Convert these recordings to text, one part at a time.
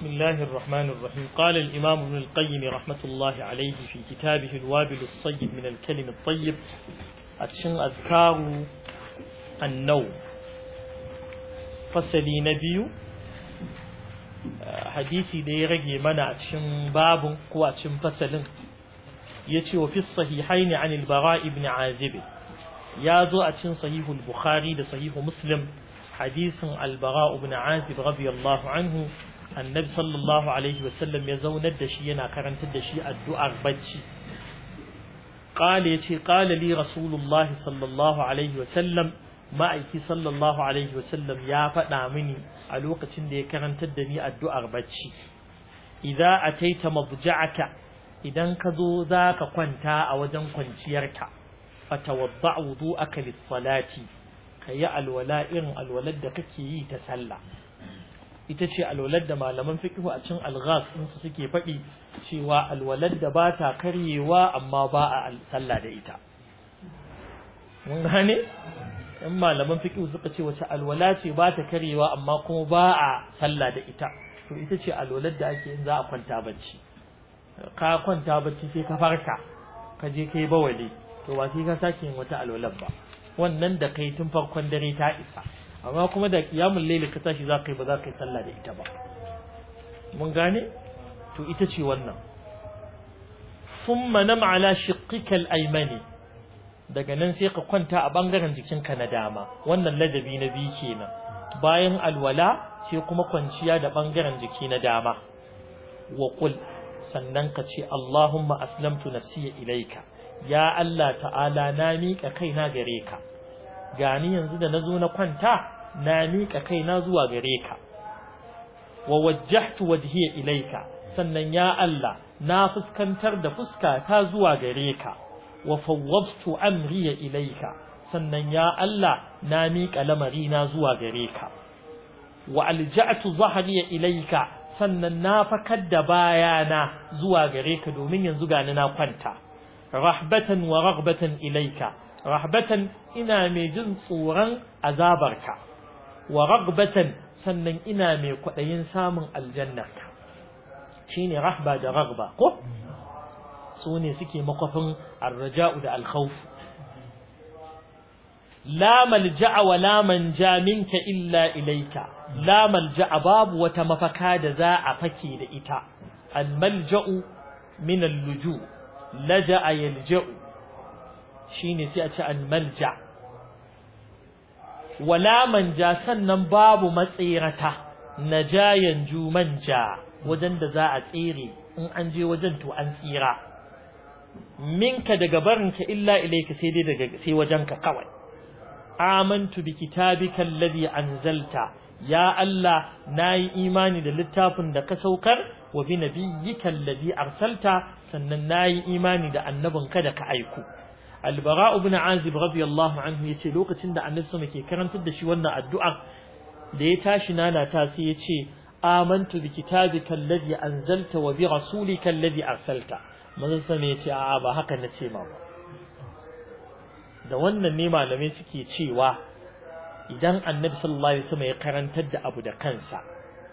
بسم الله الرحمن الرحيم قال الإمام ابن القيم رحمة الله عليه في كتابه الوابل الصيب من الكلم الطيب أتشن أذكار النوم فسلي نبي حديثي دي رجي منع أتشن باب قوة أتشن فسل يتي وفي الصحيحين عن البراء بن عازب يازو أتشن صحيح البخاري ده صحيح مسلم حديث البراء بن عازب رضي الله عنه annabi sallallahu alaihi wasallam ya zaunar da shi yana karantar da shi addu'ar bacci qala yace qala li rasulullah sallallahu alaihi wasallam ma'aiki sallallahu alaihi wasallam ya faɗa mini a lokacin da ya karantar da ni addu'ar bacci a idza ataita mabja'aka idan ka zo ka kwanta a wajen kwanciyarka fatawadda wudu'aka lis salati kayi alwala irin alwalar da kake yi ta sallah ita ce alwalar da malaman fiqhu a cikin alghas din su suke faɗi cewa alwalar da ba ta karyewa amma ba a sallah da ita mun gane in malaman fiqhu suka ce wace alwala ce ba ta karyewa amma kuma ba a sallah da ita to ita ce alwalar da ake in za a kwanta bacci ka kwanta bacci sai ka farka ka je kai bawali to ba sai ka sake yin wata alwalar ba wannan da kai tun farkon dare ta isa amma kuma da kiyamun layli ka tashi za ka yi ba za ka yi sallah da ita ba mun gane to ita ce wannan summa nam ala shiqqika al-aymani daga nan sai ka kwanta a bangaren jikinka na dama wannan ladabi na biyu kenan bayan alwala sai kuma kwanciya da bangaren jiki na dama wa qul sannan ka ce Allahumma aslamtu nafsi ilayka ya Allah ta'ala na miƙa kaina gare ka gani yanzu da nazo na kwanta na miƙa kaina zuwa gare ka wa wajjahtu wajhiya ilayka sannan ya Allah na fuskantar da fuska ta zuwa gare ka wa fawwadtu amri ilayka sannan ya Allah na miƙa lamari na zuwa gare ka wa alja'tu ya ilayka sannan na fakar da bayana zuwa gare ka domin yanzu gani na kwanta rahbatan wa raghbatan ilayka rahbatan ina mai jin tsoron azabarka wa ragbatan sannan ina mai kwaɗayin samun aljannarka shine rahba da ragba ko su ne suke makwafin arraja'u da alkhawf la malja'a wa la manja minka illa ilaika la malja'a babu wata mafaka da za a fake da ita al malja'u min al luju laja'a yalja'u shine sai a ce almalja wala manja sannan babu matsirata ja yanzu manja wajen da za a tsire in an je wajen to an tsira minka daga barinka illa ilaika sai dai daga sai wajenka kawai amantu bi kitabika alladhi anzalta ya Allah nayi imani da littafin da ka saukar wa bi nabiyyika alladhi arsalta sannan nayi imani da annabinka da ka aiko albara ibn azib radiyallahu anhu yace lokacin da annabi sama ke karantar da shi wannan addu'a da ya tashi Nana ta sai yace amantu bi kitabika alladhi anzalta wa bi rasulika alladhi arsalta manzon sama yace a'a ba haka nace ma ba da wannan ne malamai suke cewa idan annabi sallallahu alaihi wasallam ya karantar da abu da kansa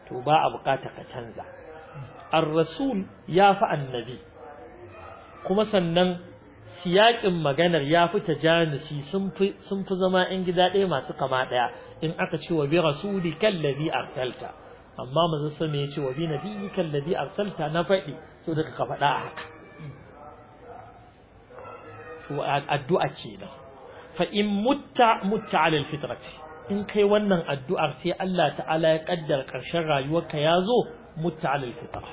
to ba a bukata ka canza ar-rasul ya fa annabi kuma sannan siyaƙin maganar ya fi tajanisi sun fi sun fi zama in gida ɗaya masu kama ɗaya in aka ce wa bi rasulika allazi arsalta amma manzo sun ya ce wa bi nabiyyika allazi arsalta na faɗi so daga ka faɗa haka to addu'a kenan fa in mutta mutta ala alfitrati in kai wannan addu'ar sai Allah ta'ala ya kaddara ƙarshen rayuwarka ya zo mutta Alal alfitra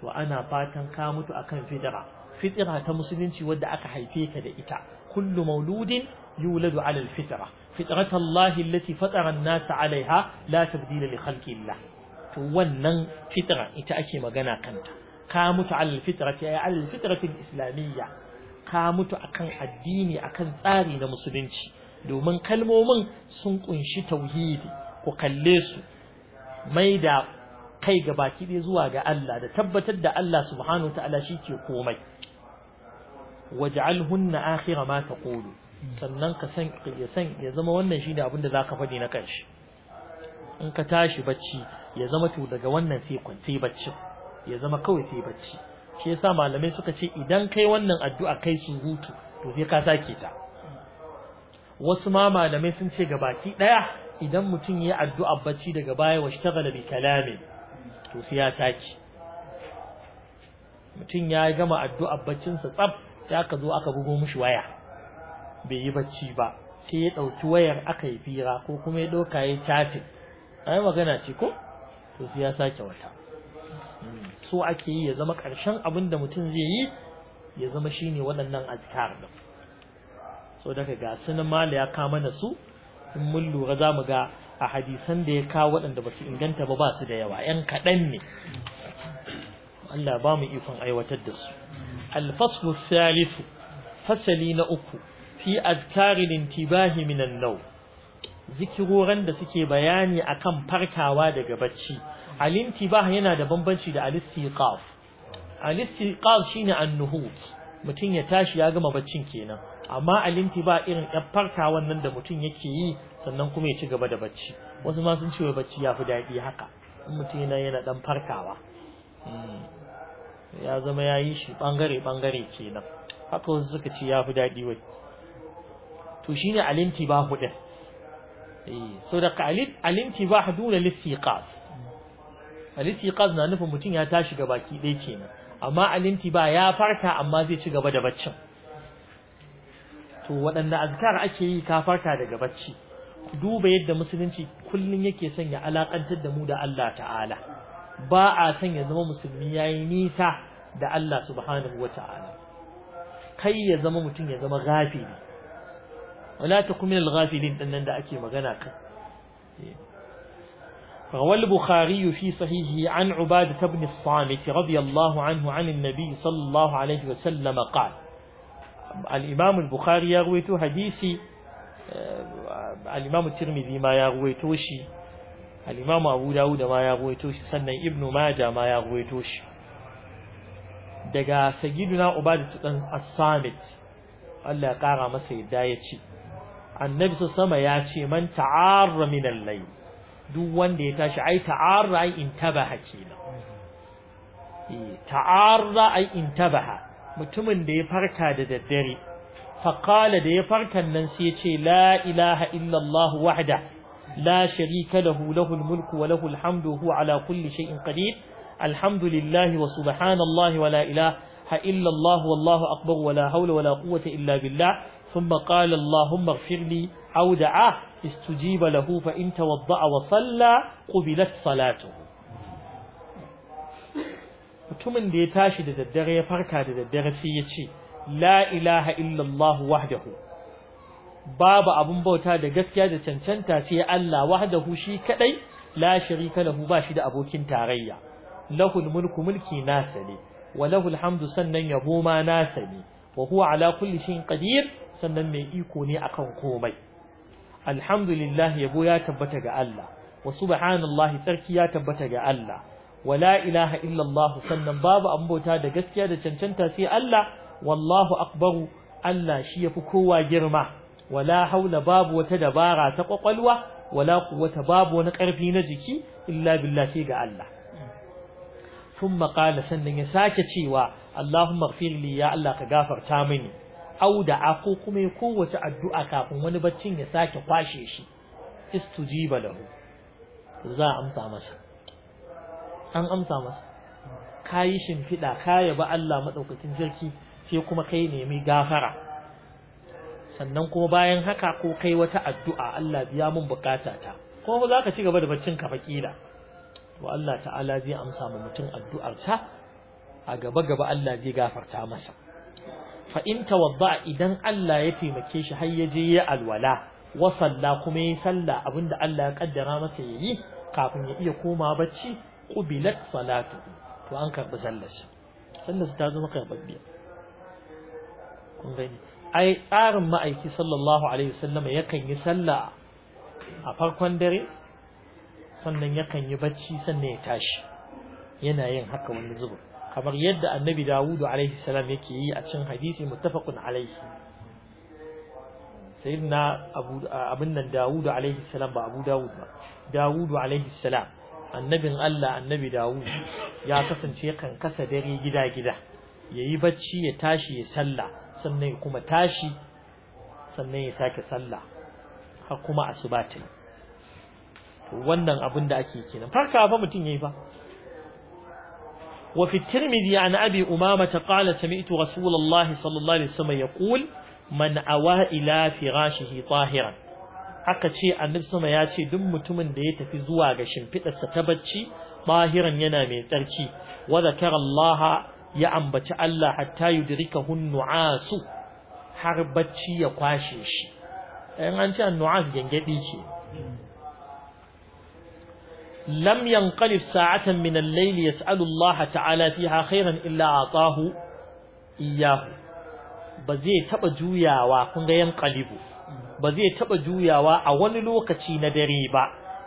to ana fatan ka mutu akan fidra fitira ta musulunci wadda aka haife ka da ita kullu mauludin yuladu ala alfitra fitrat Allah allati fatara an-nas alaiha la tabdila li khalqi Allah to wannan fitra ita ake magana kanta ka mutu ala alfitrati ay ala alfitrati islamiyya ka mutu akan addini akan tsari na musulunci domin kalmomin sun kunshi tauhidi ku kalle su mai da kai gabaki ɗaya zuwa ga Allah da tabbatar da Allah subhanahu wa ta'ala shi ke komai waj'alhunna akhira ma taqulu sannan ka san ya san ya zama wannan shine abin da zaka faɗi na kanshi in ka tashi bacci ya zama to daga wannan sai kwance bacci ya zama kawai sai bacci shi yasa malamai suka ce idan kai wannan addu'a kai su hutu to sai ka sake ta wasu ma malamai sun ce ga baki daya idan mutum ya addu'a bacci daga baya wa shtagala bi kalami to sai ya sake mutum ya gama addu'a baccin sa tsaf sai aka zo aka bugo mushi waya bai yi bacci ba sai ya ɗauki wayar aka yi fira ko kuma ya ɗauka ya chatting ai magana ce ko to sai ya sake wata hmm. so ake yi ya zama ƙarshen abin da mutum zai yi ya zama shine waɗannan azkar din so daga ga sunan mala ya kama na su in mun lura za mu ga a hadisan da ya kawo waɗanda ba su inganta ba ba su da yawa ‘yan kaɗan ne Allah ba mu ikon aiwatar da su الفصل الثالث فسلين أكو في أذكار الانتباه من النوم zikiroran da suke bayani akan farkawa daga bacci al-intibah yana da bambanci da al-istiqaf al-istiqaf shine an mutum ya tashi ya gama baccin kenan amma al ba irin ɗan farkawan nan da mutum yake yi sannan kuma ya ci gaba da bacci wasu ma sun ce bacci yafi daɗi haka in mutum yana ɗan farkawa ya zama ya yi shi bangare ɓangare kenan haka wasu suka ce ya fi daɗi wai to shi ne alinti ba hudu eh, so da alinti ba hudu na lissiƙas lissiƙas na nufin mutum ya tashi ga baki ɗaya kenan amma alinti ba ya farta, amma zai ci gaba da baccin to waɗanda azkar ake yi ka farka daga bacci duba yadda musulunci kullum yake son ya alaƙantar da mu da Allah ta'ala ba a son ya zama musulmi yayi nisa da Allah subhanahu wata'ala kai ya zama mutum ya zama ghafili wala takum min al-ghafilin dan nan da ake magana kan روى البخاري في صحيحه عن عبادة بن الصامت رضي الله عنه عن النبي صلى الله عليه وسلم قال الإمام البخاري يرويته حديثي الإمام الترمذي ما يرويته شيء al-Imam Abu Dawud ma ya ruwaito shi sannan Ibn Majah ma ya ruwaito shi daga sayyiduna Ubadah dan As-Samit Allah ya kara masa yadda ya ce annabi sama ya ce man ta'arra min al duk wanda ya tashi ai ta'arra ai intabaha kenan eh ta'arra ai intabaha mutumin da ya farka da daddare faqala da ya farkan nan sai ya ce la ilaha illa wahda لا شريك له له الملك وله الحمد وهو على كل شيء قدير الحمد لله وسبحان الله ولا إله إلا الله والله أكبر ولا حول ولا قوة إلا بالله ثم قال اللهم اغفر لي أو دعاه استجيب له فإن توضأ وصلى قبلت صلاته mutumin da ya tashi da daddare ya farka da daddare sai ya ce la ilaha illallah wahdahu babu abun bauta da gaskiya da cancanta sai Allah wahdahu shi kadai la sharika lahu ba shi da abokin tarayya lahul mulku mulki nasa ne wa lahul hamdu sannan yabo ma nasa ne wa huwa ala kulli shay'in qadir sannan mai iko ne akan komai alhamdulillah yabo ya tabbata ga Allah wa subhanallahi tsarki ya tabbata ga Allah wa la ilaha illallahu sannan babu abun bauta da gaskiya da cancanta sai Allah wallahu akbaru Allah shi yafi kowa girma wala haula babu wata dabara ta kwakwalwa wala quwwata babu wani karfi na jiki illa billahi ga Allah thumma qala sannan ya sake cewa Allahumma ighfir ya Allah ka gafarta mini au da ako kuma kowace addu'a kafin wani baccin ya sake kwashe shi istujiba lahu za a amsa masa an amsa masa kayi shimfiɗa ka yaba Allah madaukakin sarki sai kuma kai nemi gafara sannan kuma bayan haka ko kai wata addu'a Allah biya mun bukata ta ko za ka ci gaba da baccin ka fakila to Allah ta'ala zai amsa ma mutum sa a gaba gaba Allah zai gafarta masa fa in tawadda idan Allah ya taimake shi har ya je ya alwala wa salla kuma ya salla abinda Allah ya kaddara masa yayi kafin ya iya koma bacci qubilat salatu to an karbi sallar shi sallar ta zama karbabbiya kun gani ai tsarin ma'aiki sallallahu alaihi wasallam yakan yi sallah a farkon dare sannan yakan yi bacci sannan ya tashi yana yin haka wani zuba kamar yadda annabi dawudu alaihi salam yake yi a cin hadisi muttafaqun alaihi sayyidina abu abin nan dawudu alaihi salam ba abu dawud ba dawudu alaihi salam annabin Allah annabi Dawudu, ya kasance kan kasa dare gida gida yayi bacci ya tashi ya sallah sannan ya kuma tashi sannan ya sake sallah har kuma asuba ta wannan abin da ake kenan farka fa mutum yayi fa وفي الترمذي عن أبي أمامة قال سمعت رسول الله صلى الله عليه وسلم يقول من أوى إلى فراشه طاهرا aka ce annabi sama ya ce duk mutumin da ya tafi zuwa ga shimfidarsa ta bacci bahiran yana mai tsarki wa zakara ya ambaci Allah hatta yudrikahun nu'asu har bacci ya kwashe shi in an ce nu'as gangadi ce lam yanqalif sa'atan min al-layl yas'alu Allah ta'ala fiha khairan illa atahu iyahu ba zai taba juyawa kun ga yanqalibu ba zai taba juyawa a wani lokaci na dare ba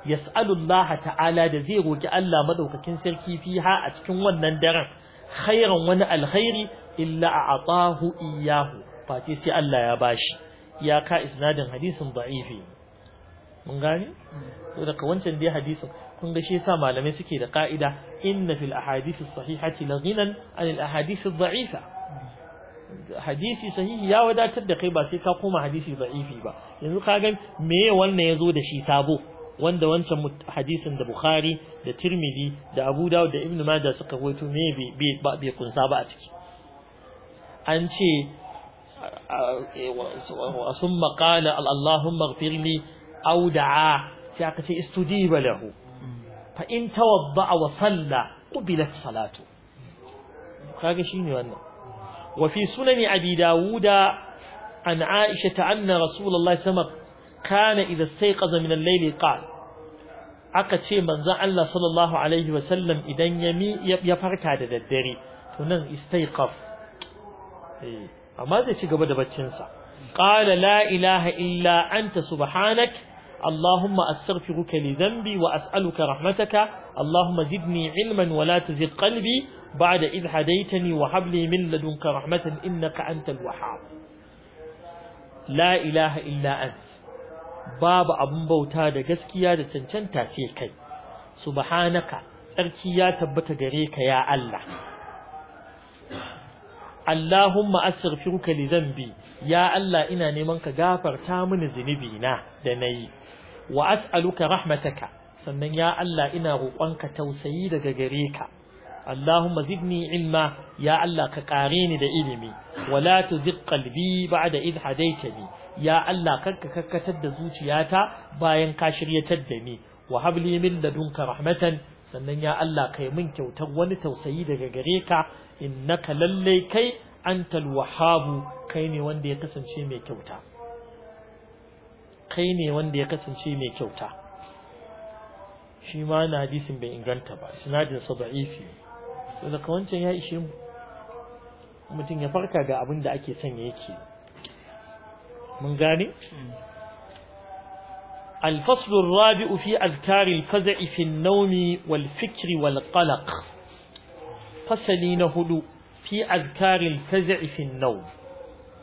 yas'alu Allah ta'ala da zai roki Allah madaukakin sarki fiha a cikin wannan daren khairan wani alkhairi illa a a'tahu iyyahu fati sai Allah ya bashi iyaka isnadin hadisin da'ifi mun gane da ka wancan dai hadisin kun ga shi yasa malamai suke da ka'ida inna fil ahadith as-sahihati la ghinan an al ahadith ad-da'ifa hadisi sahihi ya wadatar da kai ba sai ka koma hadisi da'ifi ba yanzu ka ga me wannan yazo da shi sabo wanda wancan hadisin da Bukhari da Tirmidhi da Abu Dawud da Ibn Majah suka rawaito me bai bai kunsa ba a ciki an ce summa qala Allahumma ighfirli aw da'a sai aka ce istujiba lahu fa in tawadda'a wa salla qubilat salatu kaga shine wannan wa fi sunani abi dawuda an aisha anna rasulullahi sallallahu alaihi wasallam kana idan sai ƙaza minan laili ƙal ce manzan Allah sallallahu Alaihi wasallam idan ya farka da daddare tunan istai ƙaf eh, amma zai ci gaba da baccinsa ƙala la'ilaha illa anta subhanak Allahumma astaghfiruka li dhanbi wa as'aluka rahmataka Allahumma zidni ilman wa la tuzigh qalbi ba'da idh hadaytani wa hab li min ladunka rahmatan innaka antal wahhab La ilaha illa ant babu abun bauta da gaskiya da cancanta sai kai subhanaka tsarki ya tabbata gare ka ya Allah Allahumma astaghfiruka li dhanbi ya Allah ina neman ka gafarta mini zunubi na da nayi wa as'aluka rahmataka sannan ya Allah ina roƙonka tausayi daga gare ka Allahumma zidni ilma ya Allah ka ƙare ni da ilimi wala tuzigh qalbi ba'da idh hadaytani ya Allah karka karkatar da zuciyata bayan ka shiryatar da ni wa habli min ladunka rahmatan sannan ya Allah kai min kyautar wani tausayi daga gare ka innaka lallai kai antal wahhab kai ne wanda ya kasance mai kyauta kai ne wanda ya kasance mai kyauta shi ma na hadisin bai inganta ba sinadin sa da'ifi to da wancan ya ishe mutum ya farka ga abin da ake son yake mun الفصل الرابع في أذكار الفزع في النوم والفكر والقلق فسلين هدو في أذكار الفزع في النوم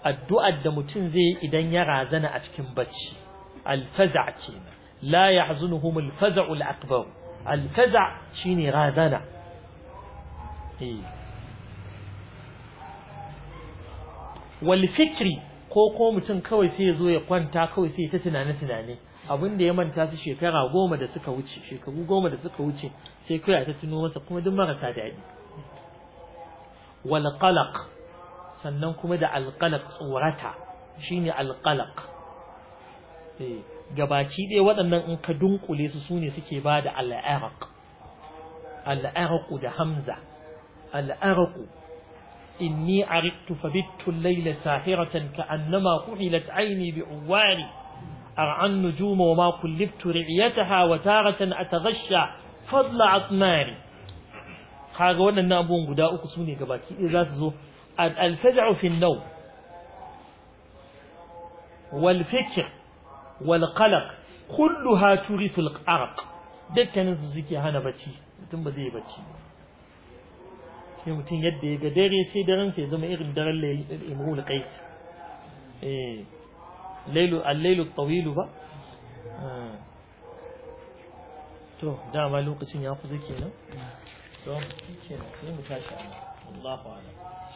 الدعاء الدمتنزي إذن يرازن أتكم بتش الفزع كين لا يحزنهم الفزع الأكبر الفزع كين رازن إيه. والفكر ko ko mutum kawai sai ya zo ya kwanta kawai sai ta tunane tunane abin da ya manta su shekara goma da suka wuce shekaru goma da suka wuce sai kai ta tuno masa kuma duk marasa daɗi wal qalaq sannan kuma da al qalaq tsorata shine al qalaq eh gabaci dai waɗannan in ka dunkule su sune suke ba da al araq al araq da hamza al araq إني أردت فبت الليل ساحرة كأنما قحلت عيني بعواني أرعى النجوم وما كلفت رعيتها وتارة أتغشى فضل عطماري هذا وانا نابون قداء قسوني كباكي الفزع في النوم والفكر والقلق كلها تغي في الأرق دكا نزوزيكي هانا باتي تنبذي باتي sai mutum yadda ya ga dare sai daren sai zama irin daren imrul qais eh lailu al-lailu tawilu ba ah. to dama lokacin ya kusa kenan to kenan sai mu tashi Allahu a'lam